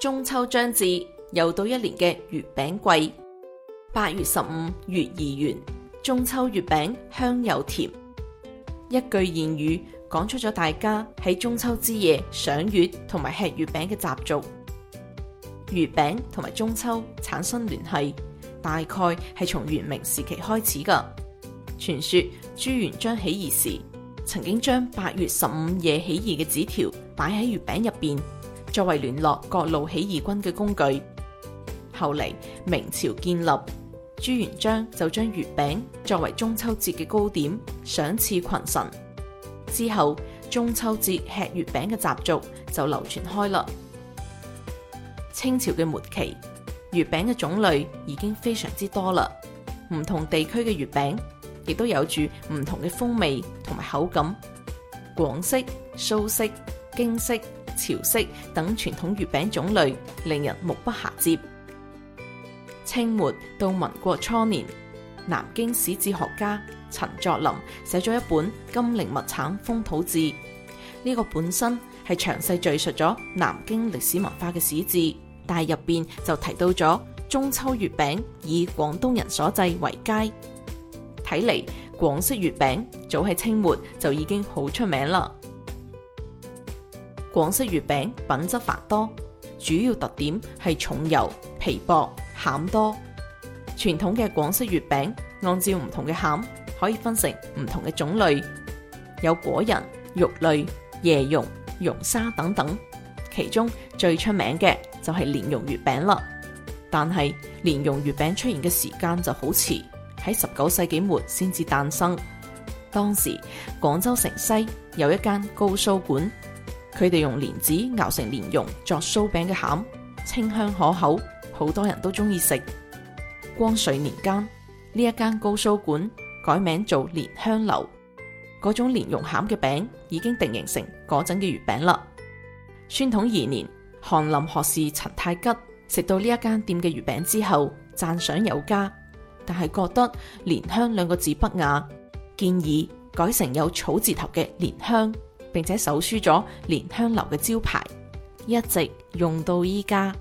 中秋將至，又到一年嘅月餅季。八月十五月兒圓，中秋月餅香又甜。一句諺語講出咗大家喺中秋之夜賞月同埋吃月餅嘅習俗。月餅同埋中秋產生聯繫，大概係從元明時期開始噶。傳說朱元璋起義時，曾經將八月十五夜起義嘅紙條擺喺月餅入邊。作為聯絡各路起義軍嘅工具，後嚟明朝建立，朱元璋就將月餅作為中秋節嘅糕點賞賜群臣，之後中秋節吃月餅嘅習俗就流傳開啦。清朝嘅末期，月餅嘅種類已經非常之多啦，唔同地區嘅月餅亦都有住唔同嘅風味同埋口感，廣式、蘇式、京式。潮式等傳統月餅種類令人目不暇接。清末到民國初年，南京史志學家陳作霖寫咗一本《金陵物產風土志》這，呢個本身係詳細敘述咗南京歷史文化嘅史志，但入邊就提到咗中秋月餅以廣東人所製為佳，睇嚟廣式月餅早喺清末就已經好出名啦。廣式月餅品質繁多，主要特點係重油、皮薄、餡多。傳統嘅廣式月餅按照唔同嘅餡，可以分成唔同嘅種類，有果仁、肉類、椰蓉、蓉，蓉，蓉沙等等。其中最出名嘅就係蓮蓉月餅啦。但係蓮蓉月餅出現嘅時間就好遲，喺十九世紀末先至誕生。當時廣州城西有一間糕酥館。佢哋用蓮子熬成蓮蓉作酥餅嘅餡，清香可口，好多人都中意食。光緒年間，呢一間糕酥館改名做連香樓，嗰種蓮蓉餡嘅餅已經定型成嗰陣嘅月餅啦。宣統二年，翰林學士陳太吉食到呢一間店嘅月餅之後，讚賞有加，但係覺得“連香”兩個字不雅，建議改成有草字頭嘅“蓮香”。並且手書咗蓮香樓嘅招牌，一直用到依家。